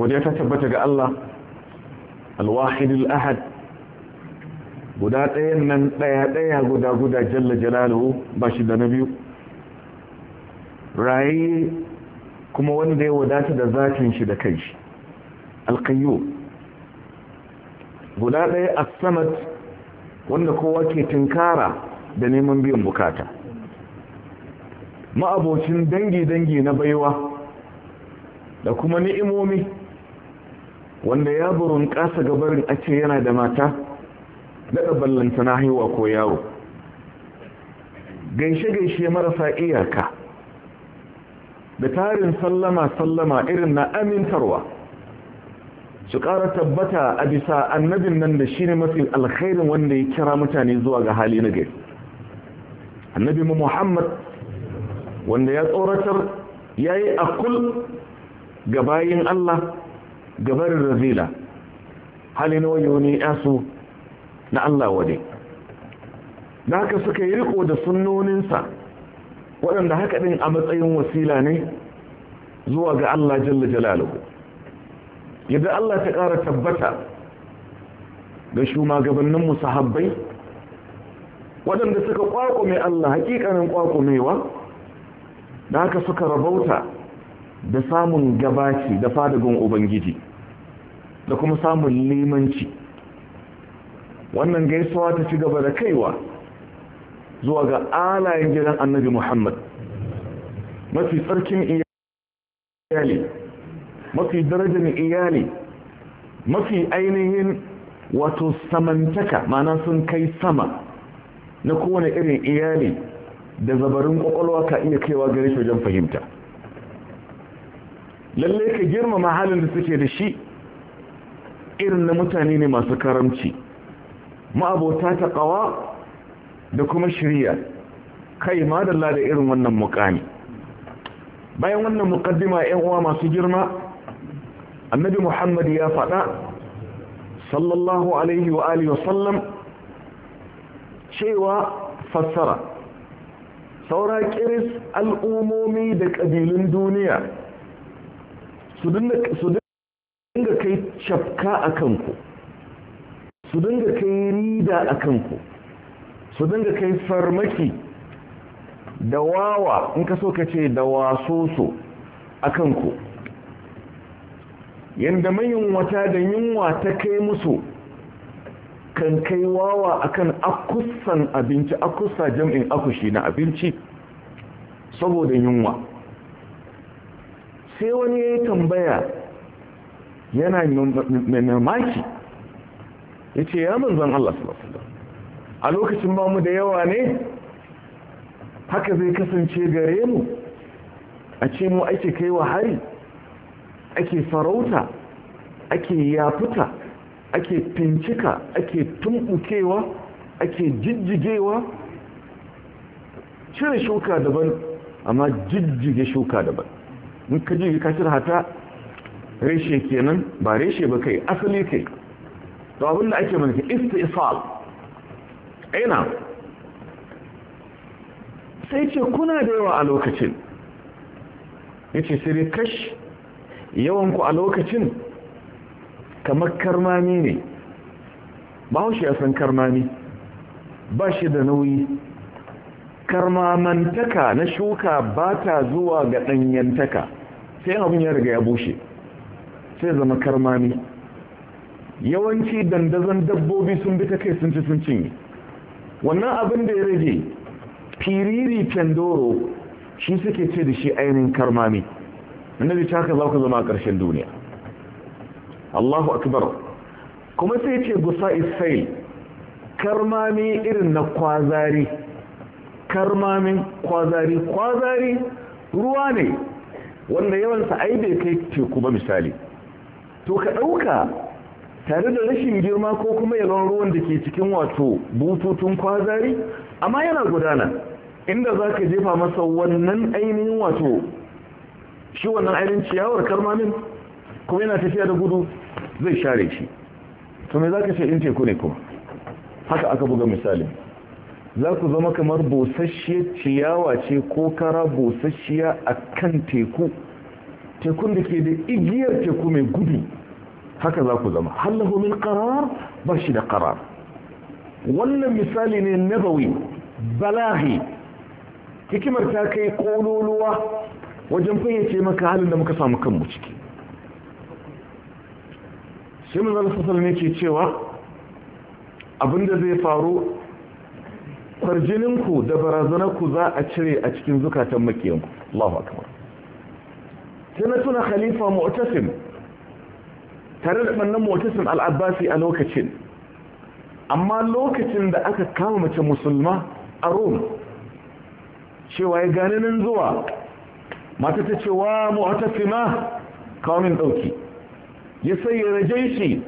godiya ta tabbata ga Allah alwahid al-ahad guda ɗayan nan ɗaya ɗaya guda guda jalla jalaluhu ba shi da na biyu raye kuma wanda ya wadata da zatin shi da kai shi alkayyo guda ɗaya samad wanda kowa ke tinkara da neman biyan bukata ma'abocin dangi-dangi na baiwa da kuma ni'imomi wanda ya burin kasa gabarin a ce yana da mata daɗa ballanta na haihuwa ko yawo gaishe-gaishe marasa iyaka da tarin sallama-sallama irin na amintarwa su ƙara tabbata a bisa annabin nan da shi ne mafi alkhairin wanda ya kira mutane zuwa ga hali na gari annabi mu muhammad wanda ya tsoratar ya yi akul ga bayin allah gabarin razila halin wayo ne yasu na Allah wade da haka suka yi riko da sunnoninsa waɗanda haka ɗin a matsayin wasila ne zuwa ga Allah jalla jalaluhu yadda Allah ta ƙara tabbata ga shugabannin musahabbai waɗanda suka kwakume Allah hakikanin kwakumewa da haka suka rabauta da samun gabaci da fadagun ubangiji da kuma samun limanci wannan gaisuwa ta ci gaba da kaiwa zuwa ga alayen gidan annabi muhammad mafi tsarkin iyali mafi darajar iyali mafi ainihin wato samantaka mana sun kai sama na kowane irin iyali da zabarin kwakwalwa ka iya kaiwa gare shi wajen fahimta lalle ka girmama halin da suke da shi irin na mutane ne masu karamci ma'abota ta ƙawa da kuma shirya kai ma da irin wannan mukami bayan wannan mukaddima yan uwa masu girma annabi muhammad ya faɗa sallallahu alaihi wa alihi wasallam cewa fassara saura kiris al'umomi da ƙabilun duniya su yi cafka a kanku su dinga kai rida a kanku su dinga kai farmaki da wawa in ka so ka ce da wasoso a kanku yadda mayin wata da yunwa ta kai musu kan kai wawa akan akusan abinci akusa jam'in akushi na abinci saboda yunwa sai wani ya yi tambaya yana mai mamaki ya ce ya manzan Allah a lokacin ba mu da yawa ne haka zai kasance gare mu a ce mu ake kai wa hari ake farauta ake yafuta ake fincika ake tumbukewa ake jijjigewa cire shuka daban amma jijjige shuka daban Mun kaji ka cire hata reshe kenan ba reshe ba kai asali kai to abin da ake mulki istisal aina sai ce kuna da yawa a lokacin yace sai dai kash yawan ku a lokacin kamar karmami ne ba shi ya san karmami ba shi da nauyi karmamantaka na shuka ba ta zuwa ga ɗanyantaka sai abin ya riga ya bushe sai zama karmami yawanci dandazon dabbobi sun bi ta kai sun ci sun cinye wannan abin da ya rage firiri candoro shi suke ce da shi ainihin karmami inda zai haka za ku zama a ƙarshen duniya Allahu akbar kuma sai ce gusa isai karmami irin na kwazari karmamin kwazari kwazari ruwa ne wanda yawansa ai bai kai teku ba misali to ka ɗauka tare da rashin girma ko kuma yalon ruwan da ke cikin wato bututun kwazari amma yana gudana inda za ka jefa masa wannan ainihin wato shi wannan ainihin ciyawar karmamin kuma yana tafiya da gudu zai share shi to me za ka ce in teku ne kuma haka aka buga misali za ku zama kamar busasshiyar ciyawa ce ko kara busasshiya a kan teku tekun da ke da igiyar teku mai gudu haka za ku zama hallahu min qarar ba shi da qarar wannan misali ne nabawi balahi hikimar ta kai kololuwa wajen fayyace maka halin da muka samu kanmu ciki shi mun zala sasal ne ke cewa abinda zai faru farjininku da barazanarku za a cire a cikin zukatan makiyanku Allahu akbar sai na tuna khalifa mu'tasim tare da ɓannan motocin al'abbasi a lokacin amma lokacin da aka kama mace musulma a rome cewa ya gane nan zuwa mata ta cewa mu'atafima kawo kawamin ɗauki ya sai raje shi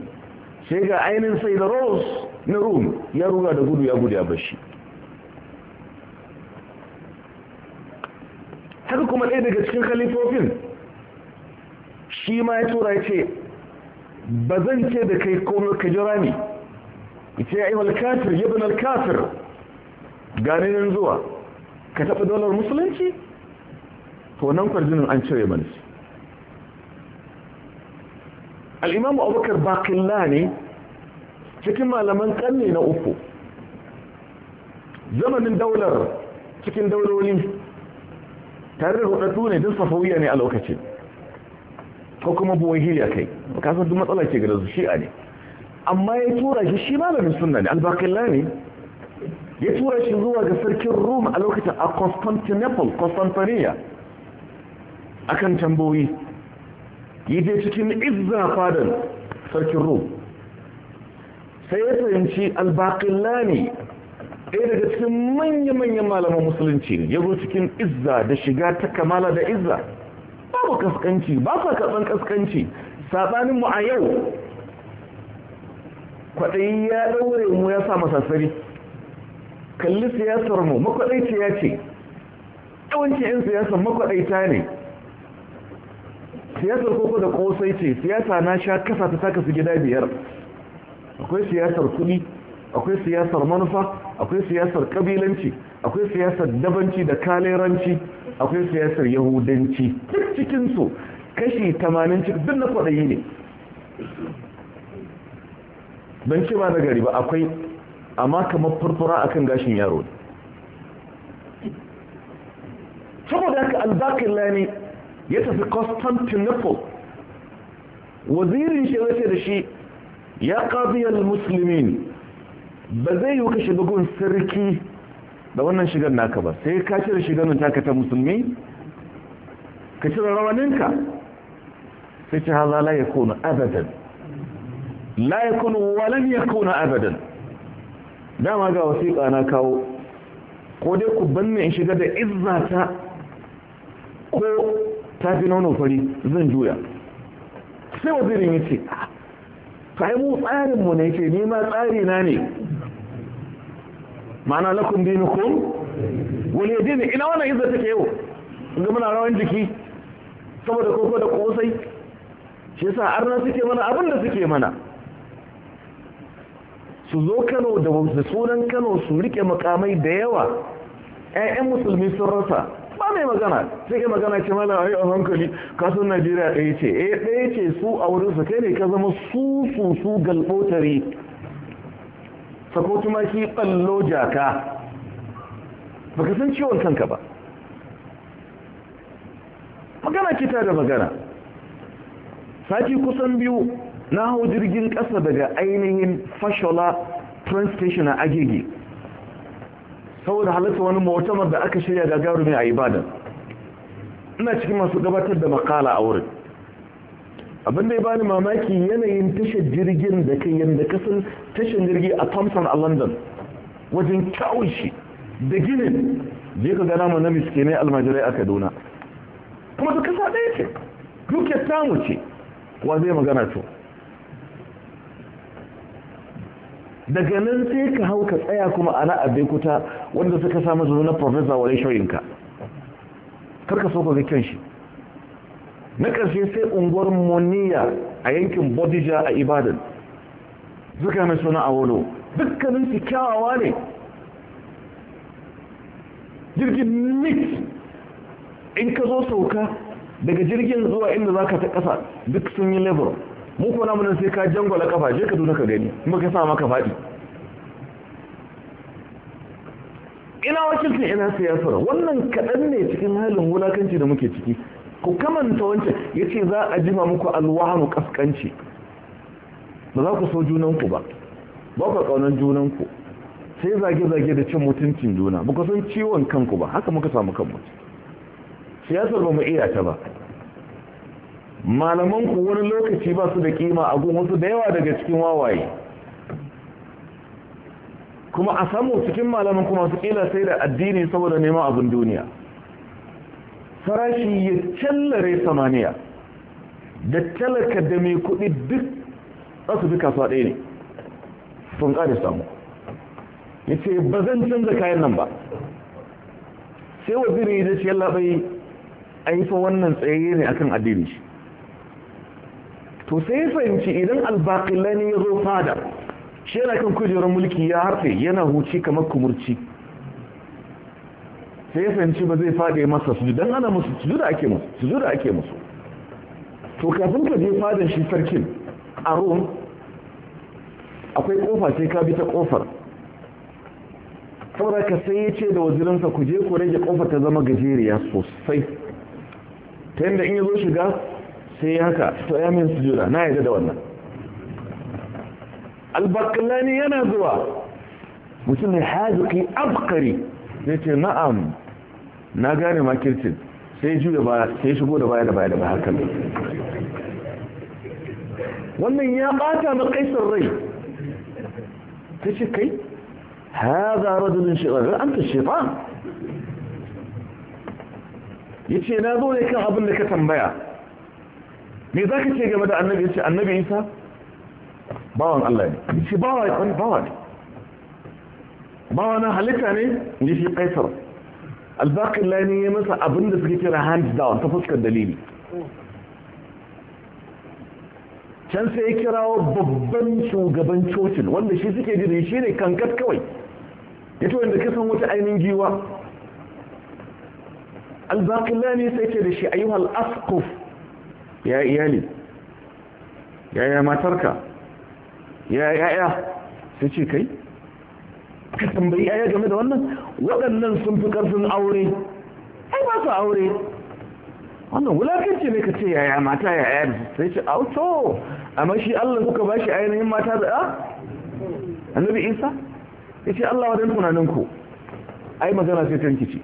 sai ga ainihin sai da rose na rome ya ruga da gudu ya gudu ya bashi haka kuma ɗaya daga cikin khalifofin shi ma ya tura ya ce ba zan ce da kai komai ka jira ne ce ya imal kafir ya bin alkafir gane zuwa ka taɓa dolar musulunci to nan kwarjinin an cire mana shi al'imamu abubakar bakilla ne cikin malaman ƙanne na uku zamanin daular cikin dauloli tare da rudattu ne din safawiya ne a lokacin ko kuma hiliya kai kasar duk matsala ke gare su shi'a ne amma ya tura shi shi malamin sunna ne albaqilla ne ya tura shi zuwa ga sarkin Rum a lokacin a Constantinople Constantinople kan tamboyi. yi je cikin izza fadan sarkin Rum. sai ya fahimci albaqilla ne ɗaya daga cikin manya-manyan malaman musulunci ya zo cikin izza da shiga ta kamala da izza babu kaskanci ba sa karɓar kaskanci saɓanin mu a yau kwaɗayi ya ɗaure mu ya sa masassari kalli siyasar mu makwaɗaici ya ce ɗawancin 'yan siyasar makwaɗaita ne siyasar koko da ƙosai ce siyasa na sha kasa ta taka su gida biyar akwai siyasar kuɗi akwai siyasar manufa akwai siyasar ƙabilanci akwai siyasar dabanci da kaleranci akwai siyasar yahudanci duk cikinsu kashi tamanin cikin duk na kwaɗayi ne ban ce ba na gari ba akwai amma kamar furfura kan gashin yaro saboda haka albakin lani ya tafi constantinople wazirin shirace da shi ya musulmi musulmin ba zai yi ka shiga gun sarki da wannan shigar naka ba sai ka cire shigar nan takatar musulmi ka cire rawaninka sai ce haza la ya kuna abadan la ya ya kuna abadan dama ga wasiƙa na kawo ko dai ku banne in shiga da izzata ko tafi nono fari zan juya sai wazirin ya ce kai ah, mu tsarinmu ne ce ni ma tsari ne ma'ana lakum dinukum wani yadda ina wannan izzata ke yau ga muna rawan jiki saboda koko da kosai shi yasa arna suke mana abin da suke mana su zo kano da sunan kano su rike makamai da yawa 'ya'yan musulmi sun rasa ba mai magana sai magana ce mana a a hankali kasan najeriya ɗaya ce eh ɗaya ce su a wurin su kai ne ka zama su su su galɓotare sako tumaki ɓallo jaka baka san ciwon kanka ba magana kita da magana sati kusan biyu na hau jirgin ƙasa daga ainihin fashola train station a agege saboda halatta wani mawatamar da aka shirya gagarumi a ibadan ina cikin masu gabatar da makala a wurin abinda ya bani mamaki yanayin tashar jirgin da kai yadda kasan tashar jirgi a thompson a london wajen kyawunshi shi da ginin je ka gana mana miskinai almajirai a kaduna kuma da kasa ɗaya ce duk ya samu ce wa zai magana to daga nan sai ka hau ka tsaya kuma ana abin kuta wanda suka samu zuwa na profesa wa rashoyinka karka so ka ga shi na ƙarshe sai unguwar moniya a yankin bodija a ibadan zuka mai suna a wano dukkanin su kyawawa ne jirgin nix in ka zo sauka daga jirgin zuwa inda za ka ta ƙasa duk sun yi lebur mu kuma namu sai ka jangwala kafa je ka duka ka gani kuma ka sa maka faɗi ina wakilcin ina siyasar wannan kaɗan ne cikin halin wulakanci da muke ciki ku kamanta wancan ya ce za a jima muku alwahanu ƙasƙanci ba za ku so junanku ba ba ku ƙaunar junanku sai zage-zage da cin mutuncin juna ba ku san ciwon kanku ba haka muka samu kan mutum siyasar ba mu iya ta ba malaman ku wani lokaci ba su da kima a gun wasu da yawa daga cikin wawaye kuma a samu cikin malaman kuma su kila sai da addini saboda neman abin duniya farashi ya tallare samaniya da talaka da mai kuɗi duk za su fi kasuwa ɗaya ne sun ƙari samu ya ce ba zan canza kayan nan ba sai Wazirin ya ce yallaɓai ai fa wannan tsaye ne akan addini shi to sai fahimci idan albaqilani ya zo fada shi yana kan kujerar mulki ya harfe yana huci kamar kumurci sai fahimci ba zai fade masa su dan ana musu su sujuda ake musu Su sujuda ake musu to kafin ka je fadan shi sarkin a Rome akwai kofa sai ka bi ta kofar saboda ka sai ya ce da wazirinsa ku je ku rage kofa ta zama gajeriya sosai ta yadda in ya zo shiga sai haka to ya min sujuda na yadda da wannan albakalani yana zuwa mutum mai haziki abkari zai ce na'am na gane makircin sai juya baya sai shigo da baya da baya da baya ne wannan ya bata na kaisar rai ta ce kai haza rajulun an anta shaitan ya ce na zo ne kan abin da ka tambaya me za ka ce game da annabi ya ce annabi isa bawan Allah ne ya ce bawa ne bawa na halitta ne ya ce kaisar albarkin lani ya masa abin da suke kira hand down ta fuskar dalili can sai ya kirawo babban shugaban cocin wanda shi suke jiri shi ne kankat kawai ya to yadda kasan wata ainihin giwa albaqillani sai ce da shi ayyuhal asquf ya iyali ya ya matarka ya ya ya sai ce kai ka tambayi ya game da wannan waɗannan sun fi ƙarfin aure ai ba su aure wannan wulakanci ne ka ce ya ya mata yaya da sai ce auto amma shi Allah kuka bashi ainihin mata da annabi Isa ya ce Allah wadan tunaninku ai magana sai tankici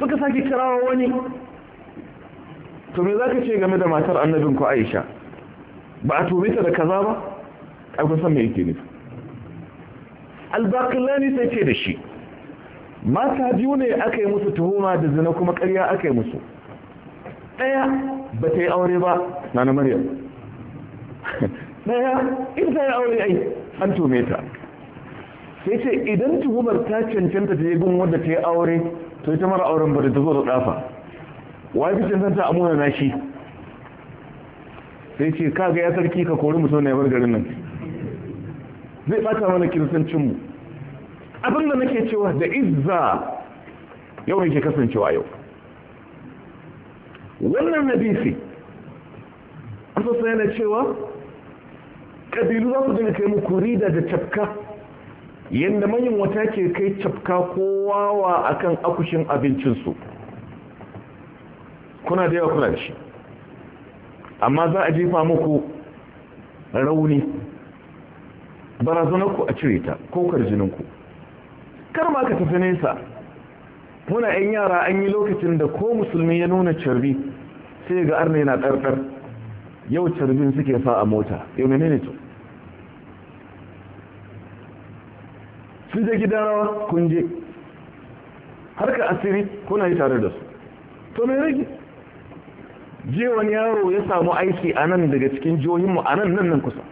suka sake kirawa wani to me za ka ce game da matar annabin ku aisha ba a tobe ta da kaza ba kun san mai yake nufi albakilani sai ce da shi mata biyu ne aka yi musu tuhuma da zina kuma karya aka yi musu ɗaya ba ta yi aure ba na na maryam ɗaya in ta yi aure ai an tume ta sai ce idan tuhumar ta cancanta ta yi gun wadda ta yi aure to ita mara auren bari ta zo da ɗafa wai fi cancanta a muna nashi sai ce kaga ya sarki ka kori mutum na yabar garin nan zai bata mana kiristancinmu abin da nake cewa da izza yau ne ke kasancewa yau wannan hadisi an sassa yana cewa ƙabilu za su dinga kai mu kurida da cafka yadda manyan wata ke kai cafka kowa a kan akushin abincinsu kuna da yawa kuna da shi amma za a jefa muku rauni barazanarku a cire ta ko karjininku kar ma ka tafi nesa muna yan yara an yi lokacin da ko musulmi ya nuna carbi sai ga arna yana ɗarɗar yau carbin suke sa a mota yau ne ne to sun je gidan rawa kun je harka asiri kuna yi tare da su to mai rage je wani yaro ya samu aiki a nan daga cikin jihohinmu a nan nan nan kusa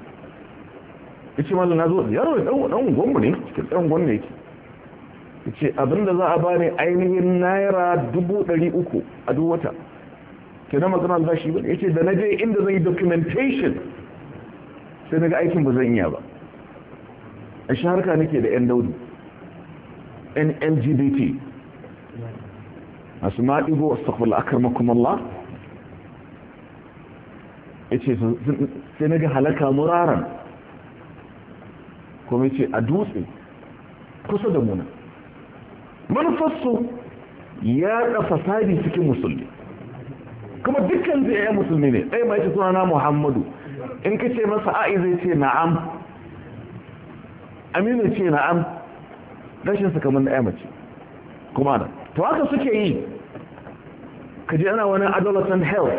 ya ce malam na zo yaro ya ɗan gwamnu ne cikin ɗan gwamnu yake ya ce abinda za a ba ne ainihin naira dubu ɗari uku a duk wata ke na magana shi ba ya ce da na je inda zan yi documentation sai na ga aikin ba zan iya ba a shaharka nake da 'yan daudu yan lgbt masu a astagfirullah akar makumallah ya ce sai naga ga halaka muraran kuma ya ce a dutse kusa da muna manufarsu ya ɗafa sabi cikin musulmi kuma dukkan zai ya musulmi ne ɗaya mai ce suna na muhammadu in ka ce masa a'i zai ce na'am aminu ce na'am rashin na ya mace kuma da to haka suke yi ka ji ana wani adolescent health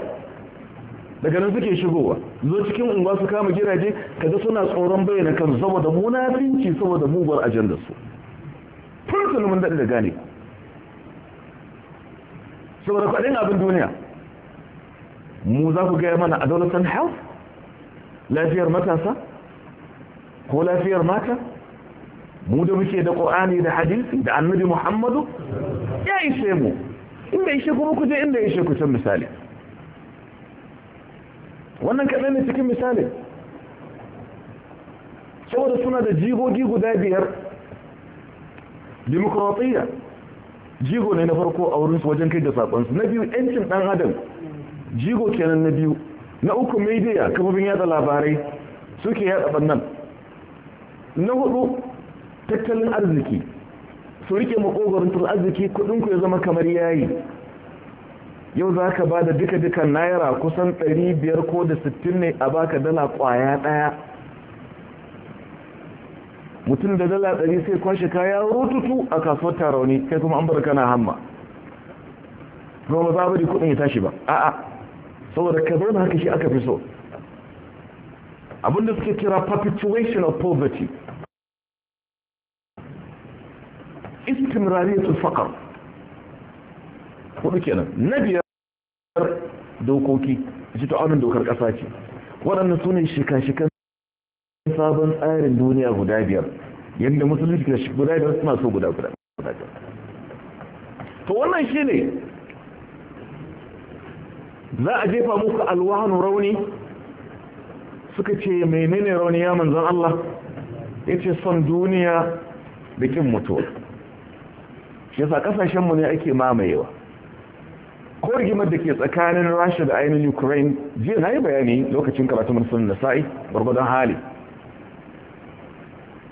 daga nan suke shigowa zo cikin unguwa su kama gidaje ga suna tsoron bayyana kan saboda munafinci saboda muguwar ajandar su tun mun daɗi da gane saboda kwaɗin abin duniya mu za ku gaya mana adolescent health lafiyar matasa ko lafiyar mata mu da muke da qur'ani da hadisi da annabi muhammadu ya ishe mu inda ishe kuma ku je inda ishe ku can misali wannan kaɗan ne cikin misali saboda suna da jigogi guda biyar demokratiyya jigo ne na farko a wurinsu wajen kai da saƙonsu na biyu 'yancin ɗan adam jigo kenan na biyu na uku media kafofin yada labarai suke yada bannan na hudu tattalin arziki su rike makogarin tattalin arziki kudinku ya zama kamar yayi yau za ka ba da duka-duka naira kusan 500 ko da 60 ne a baka dala kwaya daya mutum da dala 100 sai kwashe kaya rututu a kasuwar tarauni kai kuma an bar kana hamma za a bari kudin ya tashi ba a'a saboda ka zauna haka shi aka fi so abinda suke kira perpetuation of poverty istimrariyatul faqr ko kenan na biyar dokoki ji to anan dokar kasa ce waɗannan sune shika-shikan sabon tsarin duniya guda biyar yadda musulunci da shi guda suna so guda guda to wannan shine za a jefa muku alwahanu rauni suka ce menene rauni ya manzan Allah ya ce son duniya da kin mutuwa shi yasa kasashenmu ne ake mamayewa ko rigimar da ke tsakanin rasha da ainihin ukraine jiya na yi bayani lokacin karatunan musulun da sa'i barbadan hali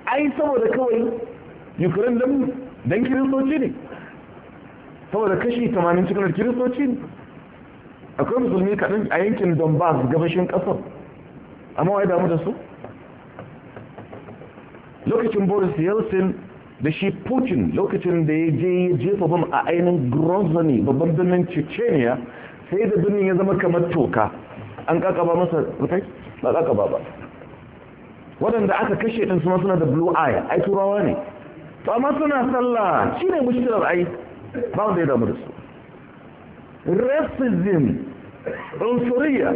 ai saboda kawai ukraine don kiristoci ne saboda kashi 80 cikin kiristoci ne akwai musulmi kadan a yankin donbass gabashin ƙasar amma wai damu da su lokacin boris yeltsin da shi putin lokacin da ya je ya jefa bam a ainihin grozani babban birnin chechnya sai da birnin ya zama kamar toka an kakaba masa rufai ba kakaba ba waɗanda aka kashe ɗin su suna da blue eye ai turawa ne to amma suna sallah shi ne mushkilar ai ba wanda ya damu da su racism ɗansuriya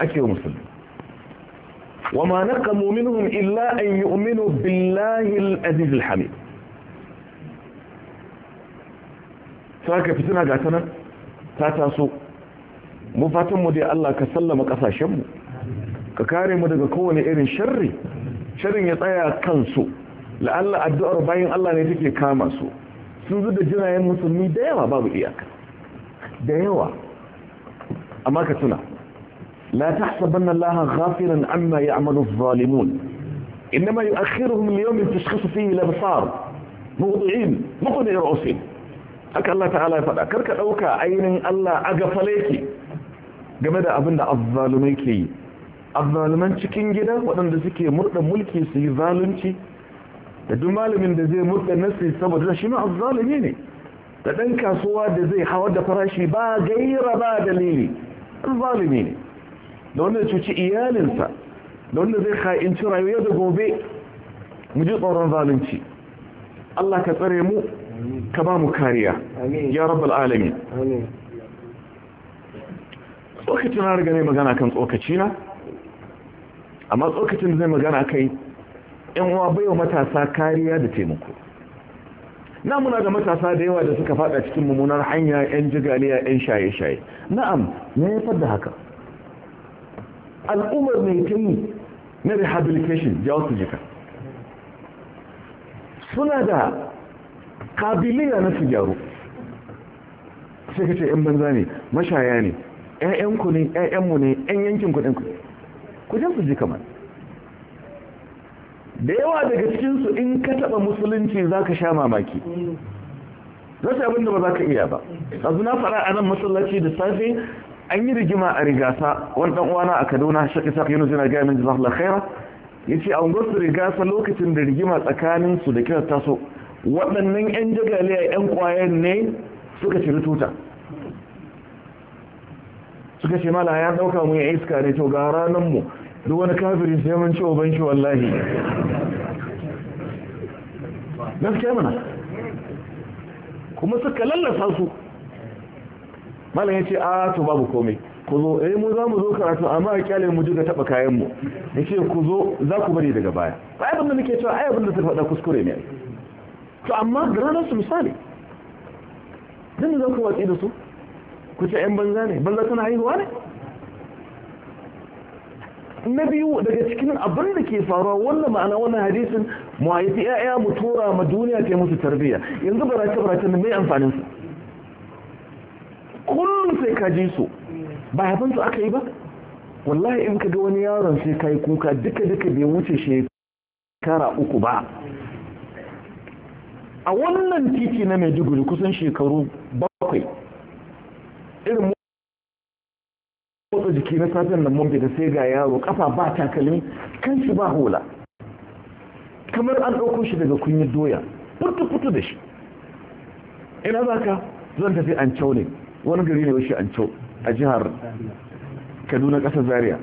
ake musulmi وما نقموا منهم إلا أن يؤمنوا بالله الأزيز الحميد saka fitina ga tanan ta taso mu fatan mu Allah ka sallama kasashen mu ka kare mu daga kowane irin sharri sharrin ya tsaya kansu la'alla addu'ar bayin Allah ne take kama su sun da jirayen musulmi da yawa babu iyaka da yawa amma ka tuna لا تحسبن الله غافلا ina mai الظالمون إنما يؤخرهم ليوم تشخص فيه الأبصار موضعين مقنع رؤوسهم haka Allah ta'ala ya faɗa ka ɗauka ainihin Allah a gafale ki game da abinda da azzalumai ke yi azzaluman cikin gida waɗanda suke murɗa mulki suyi yi zalunci da duk malamin da zai murɗa nasi saboda shi ma azzalumi ne da ɗan kasuwa da zai hawar da farashi ba gaira ba dalili azzalumi ne da wanda cuci iyalinsa da wanda zai ka'inci rayuwa da gobe mu ji tsoron zalunci Allah ka tsare mu ka ba mu kariya ya rabbal alami tsokacin na riga ne magana kan tsokaci na amma tsokacin zai magana kai yan uwa baiwa matasa kariya da taimako na muna da matasa da yawa da suka fada cikin mummunar hanya yan jigaliya yan shaye-shaye na'am ya haifar da haka al'ummar ne ta na rehabilitation jawo su jika suna da kabiliya na su gyaru sai ka ce 'yan banza ne mashaya ne 'ya'yanku ne 'ya'yanmu ne 'yan yankin kudinku ku jan su ji kamar da yawa daga cikinsu in ka taɓa musulunci za ka sha mamaki zai su abin ba za ka iya ba A na fara a nan masallaci da safe an yi rigima a rigasa wani dan uwana a Kaduna Sheikh Isa Yunus yana gaya min jazakallahu khaira yace an gosu rigasa lokacin da rigima tsakanin su da kira taso waɗannan yan jagaliya yan kwayan ne suka ci tuta suka ce mala ya dauka mu ya iska ne to ga ranan mu duk wani kafiri sai mun ci uban shi wallahi gaskiya mana kuma suka lallasa su malam ya ce a to babu komai ku zo eh mu za mu zo karatu amma a kyale mu duka taba kayan mu ya ku zo za ku bari daga baya ai abin da nake cewa ai abin da suka faɗa kuskure ne to amma ranar su misali dan za ku watsi da su ku ce yan banza ne banza tana haihuwa ne na biyu daga cikin abin da ke faruwa wannan ma'ana wannan hadisin mu haifi 'ya'ya mu tura ma duniya ta musu tarbiyya yanzu barace barace ne mai amfanin su sai ka ji su ba yaban su aka yi ba wallahi in ka ga wani yaron sai ka yi kuka duka duka bai wuce shekara uku ba a wannan titi na mai maiduguri kusan shekaru bakwai irin motsa jiki na safen nan mun da sai ga yaro kafa ba takalmi kan shi ba hula kamar an ɗauko shi daga kunyar doya futu da shi ina za ka zan tafi an wani gari ne wasu an a jihar kaduna ƙasar zaria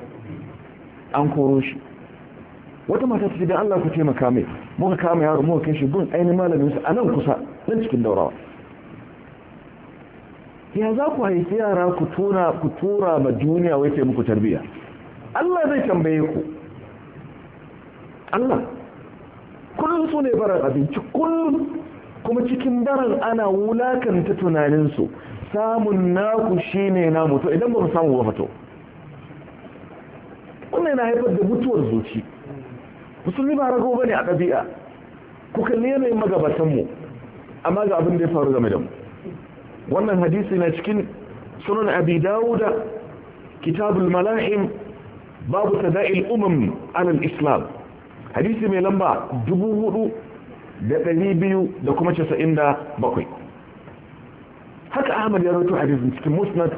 an koro shi wata mata ta ce don allah ku taimaka mai muka kama yaro muka kai shi gun ainihin su a nan kusa nan cikin daurawa ya za ku haifi yara ku tura ku tura ma duniya wai ta muku tarbiyya allah zai tambaye ku allah kullum su ne barar abinci kullum kuma cikin daren ana wulakanta tunaninsu samun naku shi ne na mutu idan ba mu samu ba fito wannan yana haifar da mutuwar zuci musulmi ba rago ba ne a ɗabi'a ku kalli yanayin magabatanmu amma ga abin da ya faru game da mu wannan hadisi na cikin sunan abi dawuda kitabul malahim babu da'il umam alal islam hadisi mai lamba dubu hudu da ɗari biyu da kuma casa'in da bakwai haka ahmad ya rawaito hadisin cikin musnad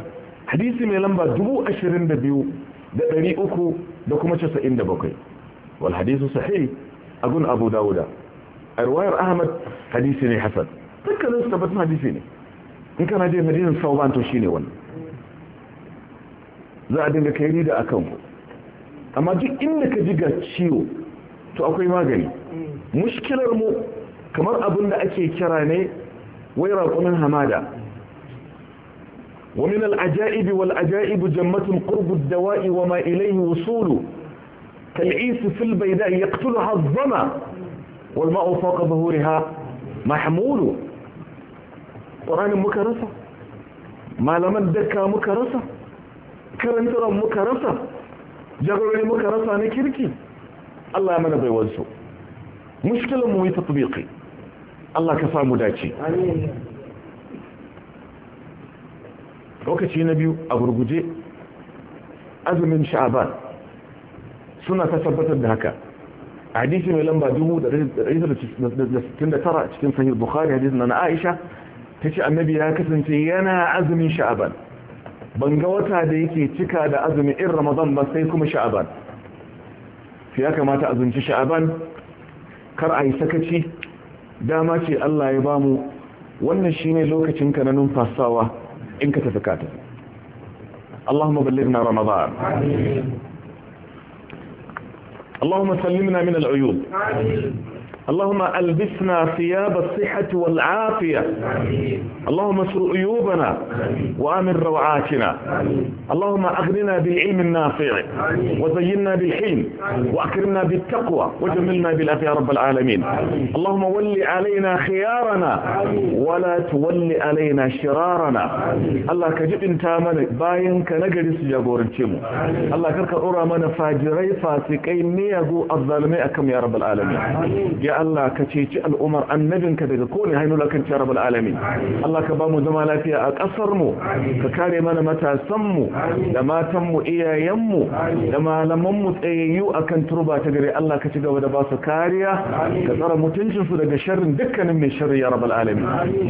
hadisi mai lamba dubu ashirin da biyu da uku da kuma casa'in da bakwai wal hadisu sahih a gun abu dawuda a ruwayar ahmad hadisi ne hasan dukkanin su tabbatin hadisi ne in kana je madinan sauban to shine wannan za a dinga kai rida a kanku amma duk inda ka ji ga ciwo to akwai magani mushkilar mu kamar abin da ake kira ne wai raƙumin hamada ومن العجائب والعجائب جمة قرب الدواء وما إليه وصول كالعيس في البيداء يقتلها الظما والماء فوق ظهورها محمول قرآن مكرسة ما لمن دكا مكرسة karantarar muka rasa jagorori muka rasa na kirki Allah ya mana baiwarsu mushkilan mu yi tatbiqi lokaci na biyu a gurguje azumin sha'aban suna ta tabbatar da haka hadisi mai lamba 1969 cikin sahih bukhari hadisi na aisha ta ce annabi ya kasance yana azumin sha'aban ban ga wata da yake cika da azumin in ramadan ba sai kuma sha'aban sai ya kamata azumci sha'aban kar a yi sakaci dama ce Allah ya bamu wannan shine lokacin ka na numfasawa إن كتف اللهم بلغنا رمضان اللهم سلمنا من العيوب اللهم ألبسنا ثياب الصحة والعافية اللهم اسر عيوبنا وآمن روعاتنا اللهم أغننا بالعلم النافع وزينا بالحلم وأكرمنا بالتقوى وجملنا بالأفيا يا رب العالمين اللهم ول علينا خيارنا ولا تول علينا شرارنا الله كجب انت من باين كنجري سجابور تشمو الله كرك أرى من فاجري فاسقين نيغو الظالمين أكم يا رب العالمين ya Allah ka ceci al'ummar annabinka daga kowane hainula kan ciyar rabbal Allah ka ba mu zama lafiya a ƙasar mu ka kare mana matasanmu da matanmu iyayenmu da malamanmu tsayayyu a kan turba ta gare Allah ka ci gaba da ba su kariya ka tsara mutuncinsu daga shirin dukkanin mai shirin ya rabbal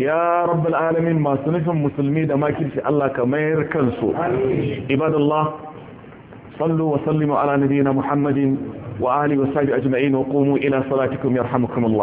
ya rabbal alamin masu nufin musulmi da makirci Allah ka mayar kansu ibadallah wa وسلموا على نبينا Muhammadin. وآله وصحبه أجمعين وقوموا إلى صلاتكم يرحمكم الله